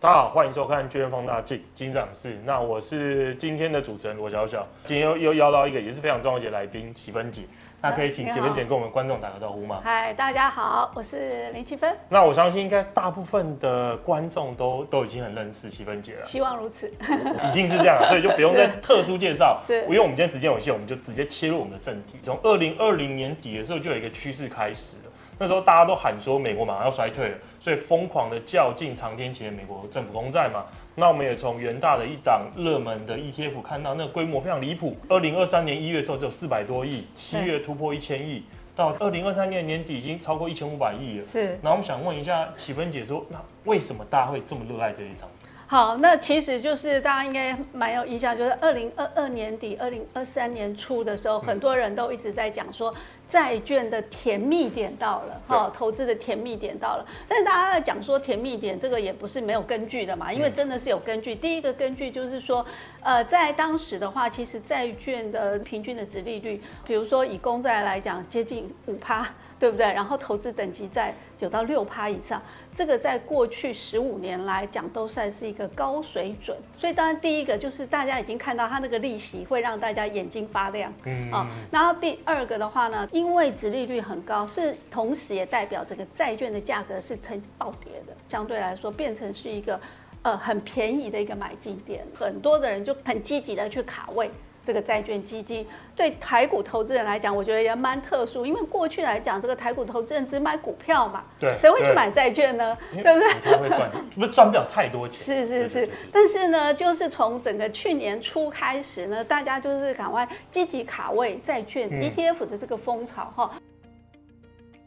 大家好，歡迎收看《鉅亨 Fund 大鏡》金掌視。那我是今天的主持人羅小小，今天又又邀到一個也是非常重要的一位來賓奇芬姐。那可以請奇芬姐跟我們觀眾打個招呼嗎？嗨，大家好，我是林奇芬。那我相信應該大部分的觀眾都都已經很認識奇芬姐了。希望如此， 一定是這樣啊，所以就不用再特殊介紹。是，是因為我們今天時間有限，我們就直接切入我們的正題。從二零二零年底的時候，就有一個趨勢開始了。那時候大家都喊說，美國馬上要衰退了。所以瘋狂的較勁長天期美國政府公債嘛，那我們也從元大的一檔熱門的 ETF 看到，那個規模非常離譜。二零二三年一月的時候只有四百多億，七月突破一千億，到二零二三年年底已經超過一千五百億了。是，那我們想問一下奇芬姐說，那為什麼大家會這麼熱愛這一場？好，那其實就是大家應該蠻有印象，就是二零二二年底，二零二三年初的時候，很多人都一直在講說，債券的甜蜜點到了，哈、哦，投資的甜蜜點到了。但是大家在講說甜蜜點，這個也不是沒有根據的嘛，因為真的是有根據。第一個根據就是說，呃，在當時的話，其實，債券的平均的殖利率，比如說以公債來講，接近五趴。對不對？然後投資等級在有到六趴以上，這個在過去十五年來講都算是一個高水準。所以當然第一個就是大家已經看到它那個利息會讓大家眼睛發亮，嗯啊。然後第二個的話呢，因為殖利率很高，是同時也代表整個債券的價格是呈暴跌的，相對來說變成是一個，呃，很便宜的一個買進點，很多的人就很積極的去卡位。這個債券基金對台股投資人來講，我覺得也蠻特殊，因為過去來講，這個台股投資人只買股票嘛對，對，誰會去買債券呢？對不對？不會賺， 不賺不了太多錢。是是是，是對對對對對對對。但是呢，就是從整個去年初開始呢，大家就是趕快積極卡位債券、嗯、ETF 的這個風潮哈。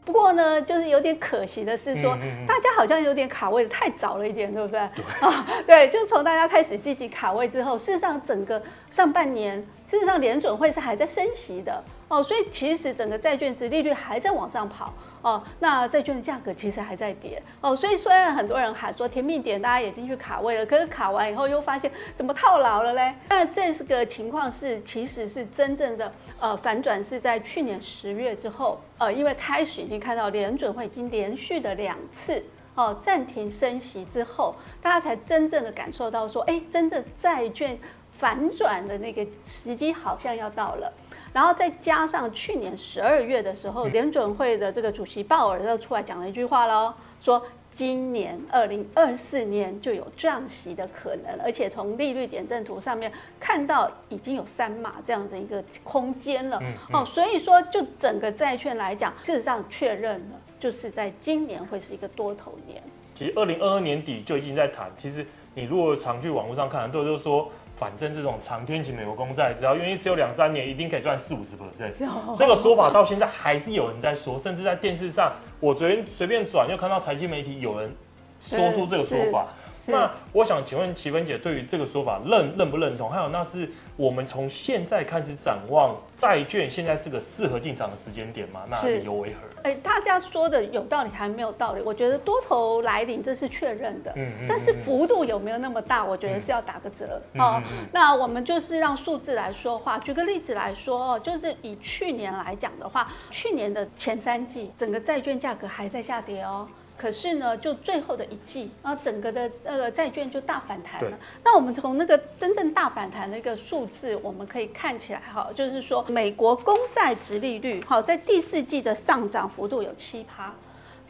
不過呢，就是有點可惜的是說，說、嗯嗯嗯、大家好像有點卡位太早了一點，對不對？啊、哦，對，就是從大家開始積極卡位之後，事實上整個上半年，事實上聯準會是還在升息的哦，所以其實整個債券殖利率還在往上跑。哦，那債券的價格其實還在跌哦，所以雖然很多人喊說甜蜜點，大家也進去卡位了，可是卡完以後又發現怎麼套牢了嘞？那這個情況是其實是真正的呃反轉是在去年十月之後，呃，因為開始已經看到聯準會已經連續的兩次哦暫停升息之後，大家才真正的感受到說，哎、欸，真的債券。反轉的那個時機好像要到了，然後再加上去年十二月的時候，聯、嗯、準會的這個主席鮑爾又出來講了一句話嘍，說今年二零二四年就有降息的可能，而且從利率點陣圖上面看到已經有三碼這樣子一個空間了嗯嗯哦，所以說就整個債券來講，事實上確認了就是在今年會是一個多頭年。其實二零二二年底就已經在談，其實你如果常去網絡上看，都都說。反正這種長天期美國公債，只要願意持有兩三年，一定可以賺四五十 percent。這個說法到現在還是有人在說，甚至在電視上，我昨天便轉又看到財經媒體有人說出這個說法。那我想請問奇芬姐，對於這個說法認認不認同？還有那是我們從現在開始展望債券，現在是個適合進場的時間點嗎？那理由為何？哎、欸，大家說的有道理還沒有道理？我覺得多頭來臨，這是確認的，嗯，嗯，嗯但是幅度有沒有那麼大？我覺得是要打個折、嗯、哦、嗯嗯嗯。那我們就是讓數字來說的話，舉個例子來說，就是以去年來講的話，去年的前三季整個債券價格還在下跌哦。可是呢，就最後的一季，那整個的呃債券就大反彈了。那我們從那個真正大反彈的一個數字，我們可以看起來哈，就是說美國公債殖利率好，在第四季的上漲幅度有七趴，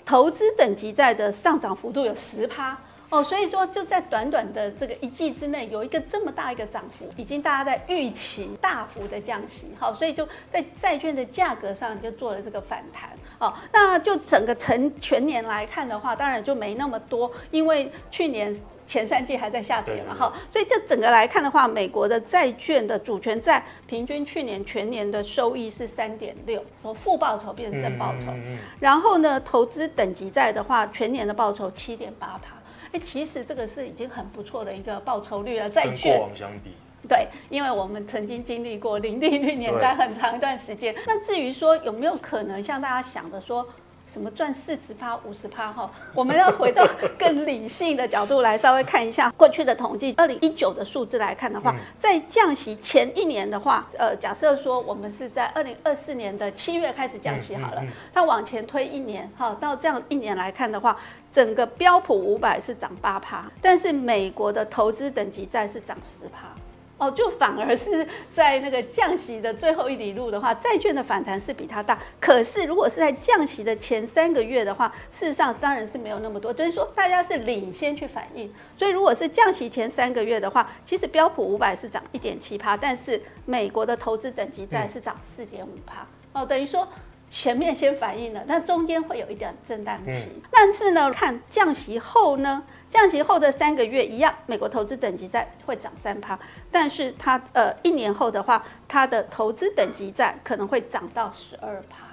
投資等級債的上漲幅度有十趴。哦，所以說就在短短的這個一季之內，有一個這麼大一個漲幅，已經大家在預期大幅的降息，好，所以就在債券的價格上就做了這個反彈，好，那就整個成全年來看的話，當然就沒那麼多，因為去年前三季還在下跌嘛，哈，所以這整個來看的話，美國的債券的主權債平均去年全年的收益是三點六，從負報酬變成正報酬，然後呢，投資等級債的話，全年的報酬七點八趴欸、其實這個是已經很不錯的一個報酬率了，債券。跟過往相比，對，因為我們曾經經歷過零利率年代很長一段時間。那至於說有沒有可能像大家想的說？什麼賺四十趴五十趴哈？哦，我們要回到更理性的角度來稍微看一下過去的統計。二零一九的數字來看的話，在降息前一年的話，呃，假設說我們是在二零二四年的七月開始降息好了，那往前推一年哈，到這樣一年來看的話，整個標普五百是漲八趴，但是美國的投資等級債是漲十趴。哦，就反而是在那個降息的最後一里路的話，債券的反彈是比它大。可是如果是在降息的前三個月的話，事實上當然是沒有那麼多。所以說大家是領先去反應。所以如果是降息前三個月的話，其實標普五百是漲一點七趴，但是美國的投資等級債是漲四點五趴。哦，等於說。前面先反映了，但中間會有一點震盪期、嗯。但是呢，看降息後呢，降息後的三個月一樣，美國投資等級債會漲三趴。但是它呃一年後的話，它的投資等級債可能會漲到十二趴。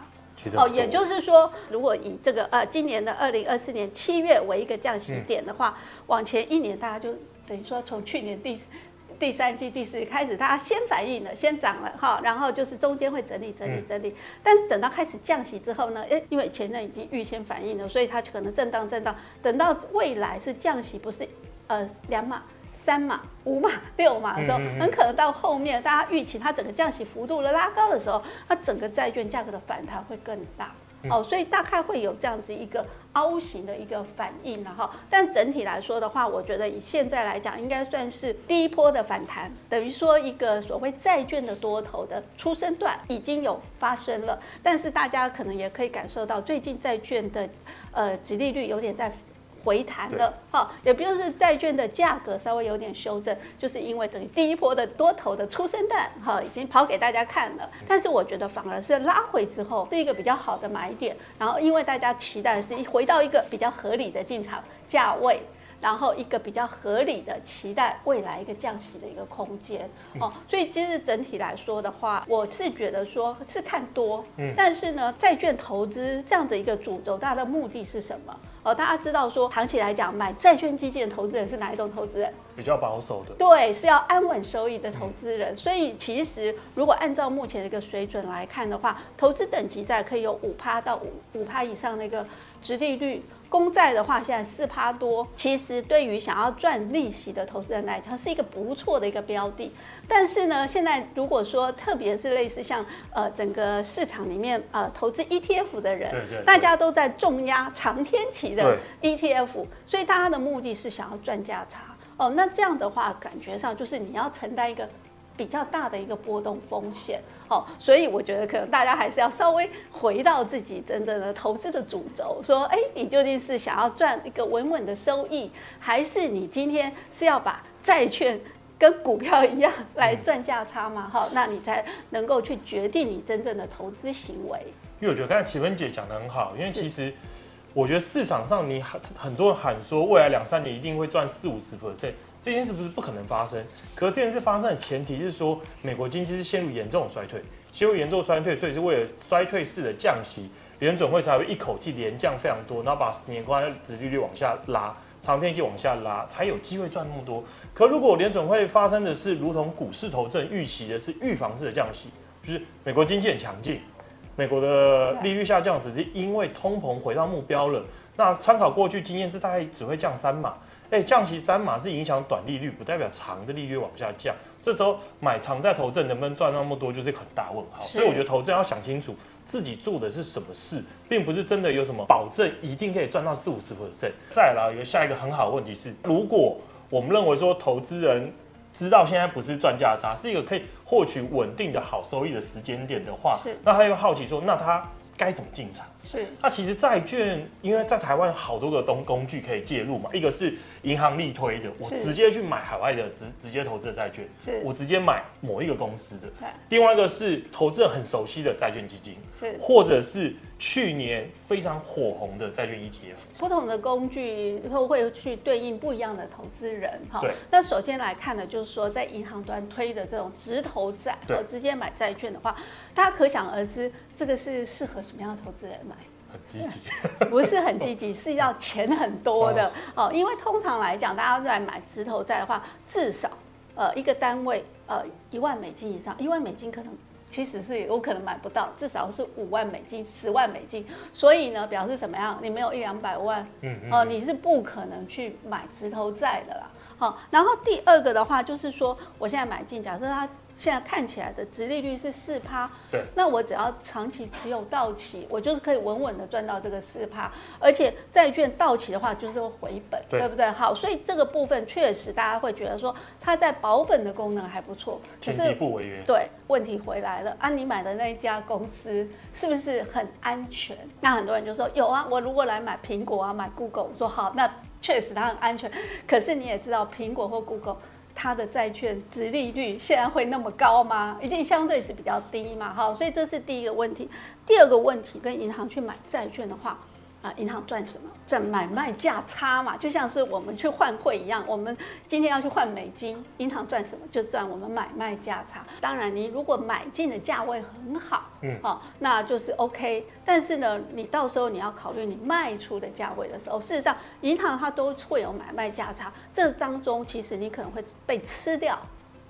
哦，也就是說，如果以這個呃今年的二零二四年七月為一個降息點的話，嗯、往前一年，大家就等於說從去年第。第三季、第四季開始，大家先反應了，先漲了哈，然後就是中間會整理、整理、整理。嗯、但是等到開始降息之後呢，誒因為前面已經預先反應了，所以它可能震盪、震盪。等到未來是降息，不是呃兩碼、三碼、五碼、六碼的時候，嗯嗯嗯很可能到後面大家預期它整個降息幅度的拉高的時候，它整個債券價格的反彈會更大、嗯、哦。所以大概會有這樣子一個。凹形的一個反應，然後，但整體來說的話，我覺得以現在來講，應該算是第一波的反彈，等於說一個所謂債券的多頭的初升段已經有發生了，但是大家可能也可以感受到，最近債券的，呃，殖利率有點在。回彈了哈、哦，也不就是債券的價格稍微有點修正，就是因為整個第一波的多頭的初升段哈、哦，已經跑給大家看了。但是我覺得反而是拉回之後是一個比較好的買點。然後因為大家期待的是回到一個比較合理的進場價位，然後一個比較合理的期待未來一個降息的一個空間哦。所以其實整體來說的話，我是覺得說是看多。嗯。但是呢，債券投資這樣的一個主軸，它的目的是什麼？哦，大家知道說，長期來講買債券基金的投資人是哪一種投資人？比較保守的，對，是要安穩收益的投資人。 所以其實如果按照目前的一個水準來看的話，投資等級債可以有五趴到五五趴以上那個殖利率。公債的話，現在四趴多，其實對於想要賺利息的投資人來講，是一個不錯的一個標的。但是呢，現在如果說，特別是類似像呃整個市場裡面呃投資 ETF 的人，大家都在重壓長天期的 ETF，所以大家的目的是想要賺價差哦。那這樣的話，感覺上就是你要承擔一個。比較大的一個波動風險，所以我覺得可能大家還是要稍微回到自己真正的投資的主軸，說，哎、欸，你究竟是想要賺一個穩穩的收益，還是你今天是要把債券跟股票一樣來賺價差嘛？哈、嗯，那你才能夠去決定你真正的投資行為。因為我覺得剛才奇芬姐講的很好，因為其實我覺得市場上你很很多人喊說，未來兩三年一定會賺四五十 percent。這件事不是不可能發生，可這件事發生的前提是說，美國經濟是陷入嚴重的衰退，陷入嚴重衰退，所以是為了衰退式的降息，聯準會才會一口氣連降非常多，然後把十年關的殖利率往下拉，長天期往下拉，才有機會賺那麼多。可如果聯準會發生的是，如同股市頭陣預期的是預防式的降息，就是美國經濟很強勁，美國的利率下降只是因為通膨回到目標了，那參考過去經驗，這大概只會降三碼哎，降息三碼是影響短利率，不代表長的利率往下降。這時候買長債投資，能不能賺那麼多，就是一個很大問號。所以我覺得投資人要想清楚自己做的是什麼事，並不是真的有什麼保證一定可以賺到四五十 percent。再來，有下一個很好的問題是，如果我們認為說投資人知道現在不是賺價差，是一個可以獲取穩定的好收益的時間點的話，那他又好奇說，那他。該怎麼進場？是，那、啊、其實債券，因為在台灣有好多個東工具可以介入嘛。一個是銀行力推的，我直接去買海外的直直接投資的債券是，我直接買某一個公司的。另外一個是投資人很熟悉的債券基金，是，或者是。去年非常火紅的債券 ETF，不同的工具會不會去對應不一樣的投資人哈、哦。那首先來看的就是說，在銀行端推的這種直投債、哦，對，直接買債券的話，大家可想而知，這個是適合什麼樣的投資人買？很積極。不是很積極，是要錢很多的哦，哦。因為通常來講，大家來買直投債的話，至少呃一個單位呃一萬美金以上，一萬美金可能。其實是有可能買不到，至少是五萬美金，十萬美金。所以呢，表示什麼樣？你沒有一兩百萬，嗯，嗯，嗯、哦，你是不可能去買直投債的啦。好、哦，然後第二個的話就是說，我現在買進，假設它。現在看起來的殖利率是四趴，對，那我只要長期持有到期，我就是可以穩穩的賺到這個四趴，而且債券到期的話就是會回本對，對不對？好，所以這個部分確實大家會覺得說它在保本的功能還不錯，可是不違約，對。問題回來了，啊，你買的那一家公司是不是很安全？那很多人就說有啊，我如果來買蘋果啊，買 Google，我說好，那確實它很安全。可是你也知道，蘋果或 Google。它的債券殖利率現在會那麼高嗎？一定相對是比較低嘛，好，所以這是第一個問題。第二個問題，跟銀行去買債券的話。啊，銀行賺什麼？賺買賣價差嘛，就像是我們去換匯一樣。我們今天要去換美金，銀行賺什麼？就賺我們買賣價差。當然，你如果買進的價位很好，嗯、哦，那就是 OK。但是呢，你到時候你要考慮你賣出的價位的時候，事實上，銀行它都會有買賣價差。這當中，其實你可能會被吃掉，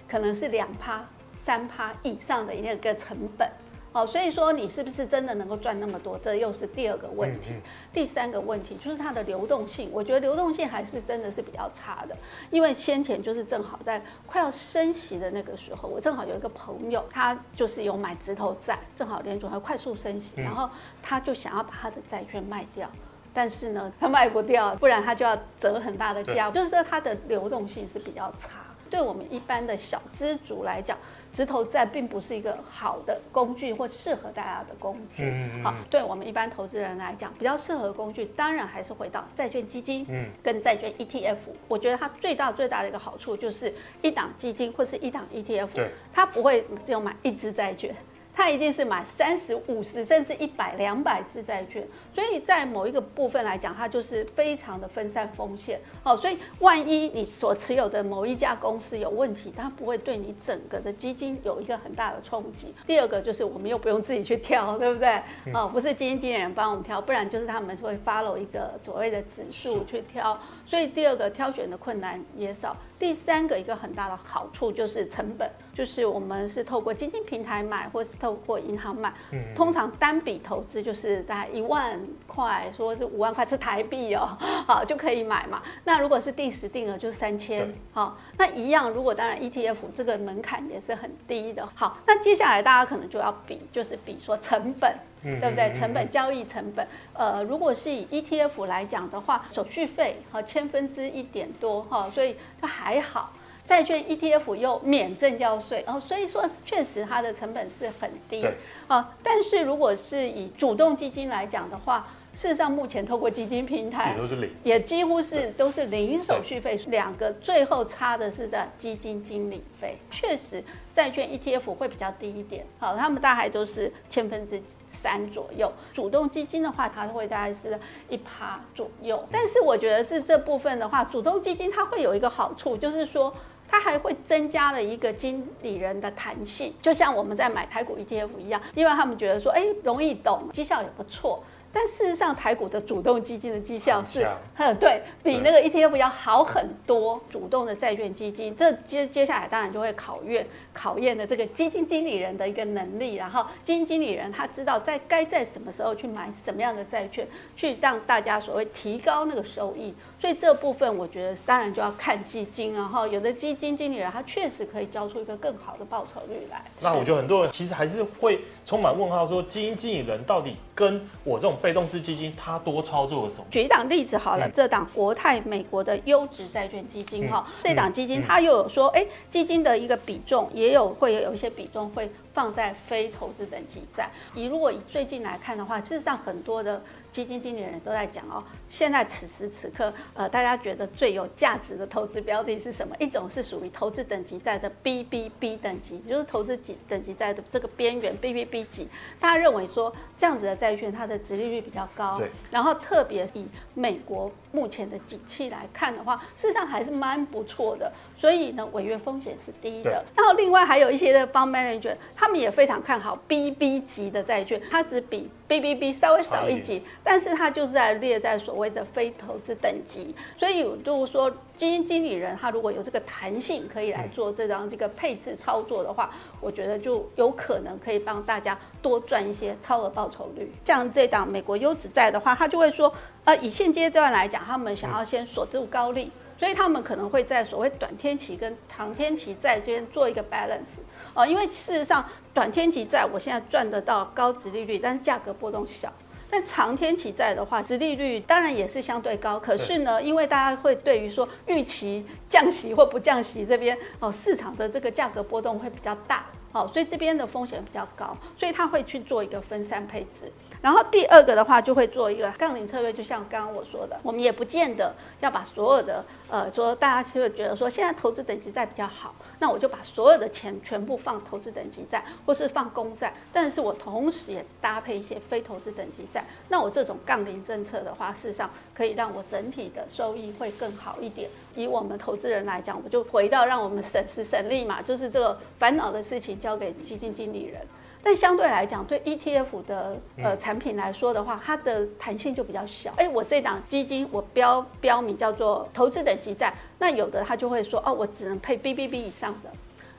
可能是兩趴、三趴以上的一個成本。哦，所以說你是不是真的能夠賺那麼多？這又是第二個問題。嗯嗯、第三個問題就是它的流動性，我覺得流動性還是真的是比較差的。因為先前就是正好在快要升息的那個時候，我正好有一個朋友，他就是有買直投債，正好聯準會快速升息、嗯，然後他就想要把他的債券賣掉，但是呢，他賣不掉，不然他就要折很大的價、嗯。就是說它的流動性是比較差。對我們一般的小資族來講。直投債並不是一個好的工具或適合大家的工具，好，對我們一般投資人來講，比較適合的工具當然還是回到債券基金，跟債券 ETF。我覺得它最大最大的一個好處就是一檔基金或是一檔 ETF，它不會只有買一支債券。它一定是買三十五十甚至一百兩百隻債券，所以在某一個部分來講，它就是非常的分散風險哦。所以萬一你所持有的某一家公司有問題，它不會對你整個的基金有一個很大的衝擊。第二個就是我們又不用自己去挑，對不對？哦，不是基金經理人幫我們挑，不然就是他們會 follow 一個所謂的指數去挑。所以第二個挑選的困難也少，第三個一個很大的好處就是成本，就是我們是透過基金平台買，或是透過銀行買，通常單筆投資就是在一萬塊，說是五萬塊是台幣哦，好就可以買嘛。那如果是定時定額就是三千，好，那一樣，如果當然 ETF 這個門檻也是很低的。好，那接下來大家可能就要比，就是比說成本。對不對？成本，交易成本，呃，如果是以 ETF 來講的話，手續費和千分之一點多哈、哦，所以它還好。債券 ETF 又免證交稅哦，然後所以說確實它的成本是很低啊。但是如果是以主動基金來講的話，事實上，目前透過基金平台也幾乎是都是零手續費，兩個最後差的是在基金經理費。確實，債券 ETF 會比較低一點，好，他們大概都是千分之三左右。主動基金的話，它會大概是一趴左右。但是我覺得是這部分的話，主動基金它會有一個好處，就是說它還會增加了一個經理人的彈性，就像我們在買台股 ETF 一樣。因為他們覺得說，哎，容易懂，績效也不錯。但事實上，台股的主動基金的績效是，嗯，對比那個 ETF 要好很多。主動的債券基金，這接接下來當然就會考驗考驗的這個基金經理人的一個能力。然後基金經理人他知道在該在什麼時候去買什麼樣的債券，去讓大家所謂提高那個收益。所以這部分我覺得，當然就要看基金，然後有的基金經理人他確實可以交出一個更好的報酬率來。那我覺得很多人其實還是會充滿問號，說基金經理人到底跟我這種被動式基金，他多操作了什麼？舉一檔例子好了，這檔國泰美國的優質債券基金哈，這檔基金它又有說，欸，基金的一個比重也有會有一些比重會放在非投資等級債。你如果以最近來看的話，事實上很多的。基金經理的人都在講哦、喔，現在此時此刻，呃，大家覺得最有價值的投資標的是什麼？一種是屬於投資等級債的 BBB 等級，就是投資級等級債的這個邊緣 BBB 級。大家認為說這樣子的債券，它的殖利率比較高，對。然後特別以美國目前的景氣來看的話，事實上還是蠻不錯的，所以呢，違約風險是低的。然後另外還有一些的 fund manager，他們也非常看好 BB 級的債券，它只比。B B B 稍微少一級，但是它就是在列在所謂的非投資等級，所以就是說基金經理人他如果有這個彈性，可以來做這張這個配置操作的話，嗯，我覺得就有可能可以幫大家多賺一些超額報酬率。像這檔美國優質債的話，他就會說，呃，以現階段來講，他們想要先鎖住高利。嗯嗯所以他們可能會在所謂短天期跟長天期在這邊做一個 balance，哦，因為事實上短天期債我現在賺得到高殖利率，但是價格波動小；但長天期債的話，殖利率當然也是相對高，可是呢，因為大家會對於說預期降息或不降息這邊哦，市場的這個價格波動會比較大，哦，所以這邊的風險比較高，所以他會去做一個分散配置。然後第二個的話，就會做一個槓鈴策略，就像剛剛我說的，我們也不見得要把所有的，呃，說大家其實覺得說現在投資等級債比較好，那我就把所有的錢全部放投資等級債，或是放公債，但是我同時也搭配一些非投資等級債，那我這種槓鈴政策的話，事實上可以讓我整體的收益會更好一點。以我們投資人來講，我就回到讓我們省時省力嘛，就是這個煩惱的事情交給基金經理人。但相對來講，對 ETF 的呃、產品來說的話，它的彈性就比較小。哎，我這檔基金我標標明叫做投資等級債，那有的他就會說，哦，我只能配 BBB 以上的。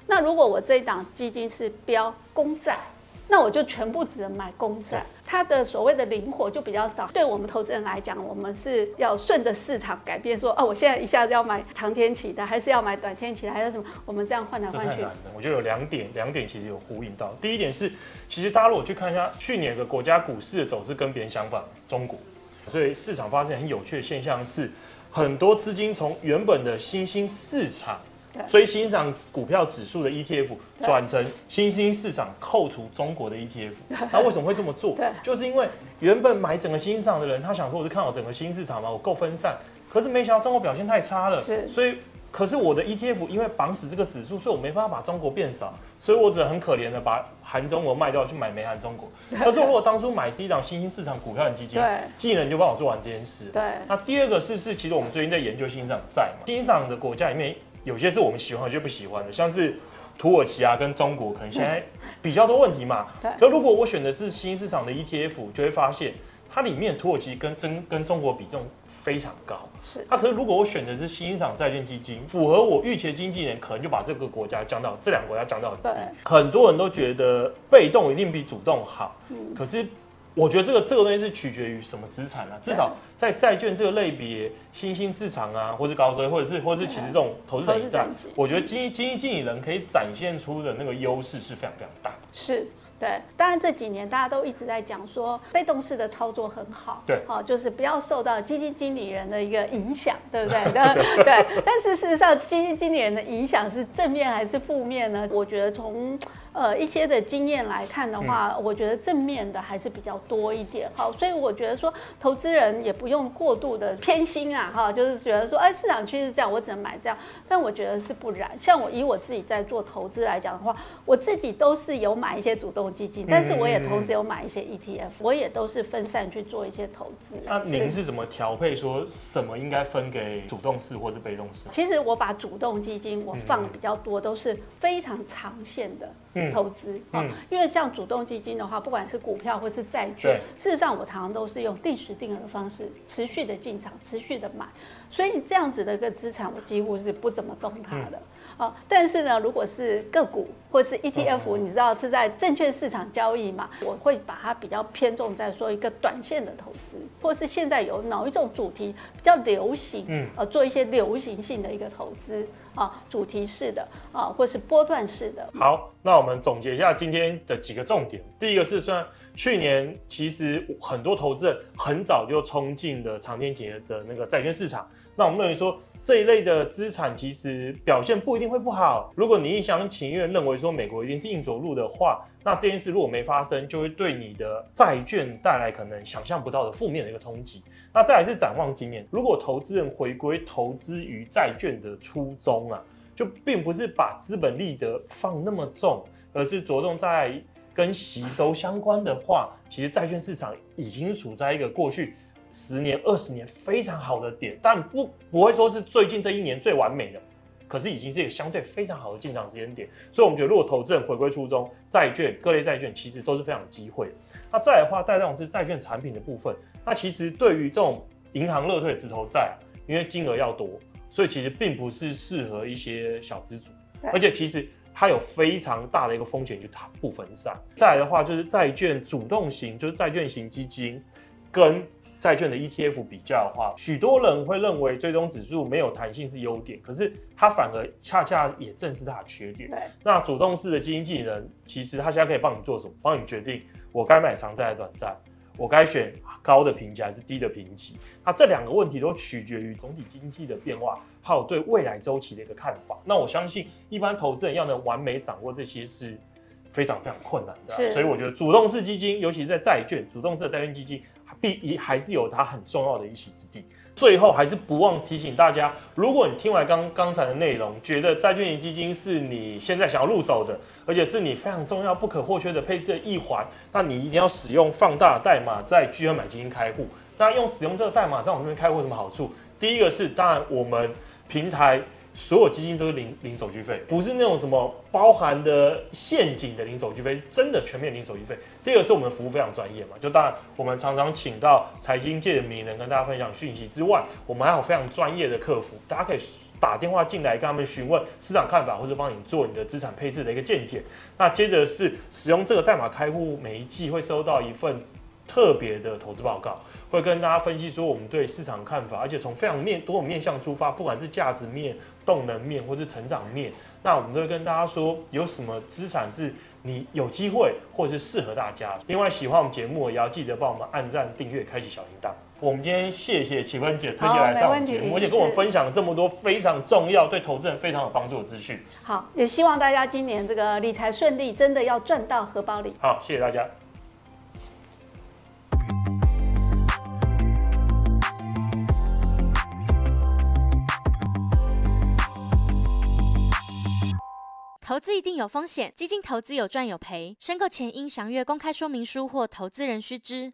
那如果我這一檔基金是標公債。那我就全部只能買公債，它的所謂的靈活就比較少。對我們投資人來講，我們是要順着市場改變，說哦、啊，我現在一下子要買長天期的，還是要買短天期的，還是什麼？我們這樣換來換去。我覺得有兩點，兩點其實有呼應到。第一點是，其實大家如果我去看一下去年的國家股市的走勢，跟別人相反，中國，所以市場發生很有趣的現象是，很多資金從原本的新興市場，追新興股票指數的 ETF 轉成新興市場扣除中國的 ETF，那為什麼會這麼做對？就是因為原本買整個新興市場的人，他想說我是看好整個新市場嘛，我夠分散。可是沒想到中國表現太差了，是。所以可是我的 ETF 因為綁死這個指數，所以我沒辦法把中國變少，所以我只能很可憐的把含中國賣掉去買沒含中國。可是如果當初買是一檔新興市場股票的基金，技能就幫我做完這件事。對。那第二個是是，其實我們最近在研究新興市場在嘛，新興市場的國家裡面。有些是我們喜歡，有些不喜歡的，像是土耳其啊，跟中國可能現在比較多問題嘛。 對。可如果我選的是新市場的 ETF，就會發現它裡面土耳其跟中跟中國比重非常高。是。它、啊、可是如果我選的是新市場債券基金，符合我預期的經紀人，可能就把這個國家降到這兩個國家降到低。很多人都覺得被動一定比主動好，嗯、可是。我覺得這個這個東西是取決於什麼資產呢、啊？至少在債券這個類別，新興市場啊，或是高收益，或者是或者是其實這種投資等級債、啊，我覺得基基金經理人可以展現出的那個優勢是非常非常大的。是，對。當然這幾年大家都一直在講說被動式的操作很好，對，哦，就是不要受到基金經理人的一個影響，對不對？ 對,對。但是事實上基金經,經理人的影響是正面還是負面呢？我覺得從。呃，一些的經驗來看的話，嗯，我覺得正面的還是比較多一點哈，所以我覺得說投資人也不用過度的偏心啊哈，就是覺得說哎，啊，市場趨勢這樣，我只能買這樣，但我覺得是不然。像我以我自己在做投資來講的話，我自己都是有買一些主動基金，但是我也同時有買一些 ETF，我也都是分散去做一些投資。那，嗯啊，您是怎麼調配？說什麼應該分給主動式或是被動式？其實我把主動基金我放比較多，嗯，都是非常長線的。投資啊、嗯嗯，因為像主動基金的話，不管是股票或是債券，事實上我常常都是用定時定額的方式持續的進場，持續的買，所以這樣子的一個資產，我幾乎是不怎麼動它的啊、嗯。但是呢，如果是個股或是 ETF，、嗯、你知道是在證券市場交易嘛，我會把它比較偏重在說一個短線的投資。或是現在有哪一種主題比較流行？嗯，呃，做一些流行性的一個投資啊，主題式的啊，或是波段式的。好，那我們總結一下今天的幾個重點。第一個是，算去年其實很多投資人很早就衝進了長天期的那個債券市場。那我們認為說這一類的資產其實表現不一定會不好。如果你一廂情願認為說美國一定是硬着陸的話，那這件事如果沒發生，就會對你的債券帶來可能想象不到的負面的一個衝擊。那再來是展望今年，如果投資人回歸投資於債券的初衷啊，就並不是把資本利得放那麼重，而是着重在跟息收相關的話，其實債券市場已經處在一個過去十年、二十年非常好的點，但不不會說是最近這一年最完美的，可是已經是一個相對非常好的進場時間點。所以，我們覺得如果投資人回歸初衷，債券各類債券其實都是非常有機會。那再來的話，帶動的是債券產品的部分，那其實對於這種銀行樂退、直投債，因為金額要多，所以其實並不是適合一些小資主，而且其實它有非常大的一個風險，就它、是、不分散。再來的話，就是債券主動型，就是債券型基金跟。債券的 ETF 比較的話，許多人會認為追蹤指數沒有彈性是優點，可是它反而恰恰也正是它的缺點。那主動式的基金經理人其實他現在可以幫你做什麼？幫你決定我該買長債還是短債，我該選高的評級還是低的評級？那這兩個問題都取決於總體經濟的變化，還有對未來周期的一個看法。那我相信一般投資人要能完美掌握這些是。非常非常困難的，啊，所以我覺得主動式基金，尤其是在債券主動式的債券基金，必一還是有它很重要的一席之地。最後還是不忘提醒大家，如果你聽完剛剛才的內容，覺得債券型基金是你現在想要入手的，而且是你非常重要不可或缺的配置的一環，那你一定要使用放大代碼在鉅亨買基金開戶。那用使用這個代碼在我們這邊開戶有什麼好處？第一個是，當然我們平台。所有基金都是零零手續費，不是那種什麼包含的陷阱的零手續費，真的全面零手續費。第二個是我們服務非常專業嘛，就當然我們常常請到財經界的名人跟大家分享訊息之外，我們還有非常專業的客服，大家可以打電話進來跟他們詢問市場看法，或者幫你做你的資產配置的一個見解。那接着是使用這個代碼開戶，每一季會收到一份特別的投資報告。會跟大家分析說我們對市場看法，而且從非常面多種面向出發，不管是價值面、動能面，或是成長面，那我們都會跟大家說有什麼資產是你有機會，或者是適合大家。另外，喜歡我們節目也要記得幫我們按讚、訂閱、開啟小鈴鐺。我們今天謝謝奇芬姐特別來上我們節目，而且跟我分享了這麼多非常重要、對投資人非常有幫助的資訊。好，也希望大家今年這個理財順利，真的要賺到荷包裡。好，謝謝大家。投資一定有風險，基金投資有賺有賠。申購前應詳閱公開說明書或投資人須知。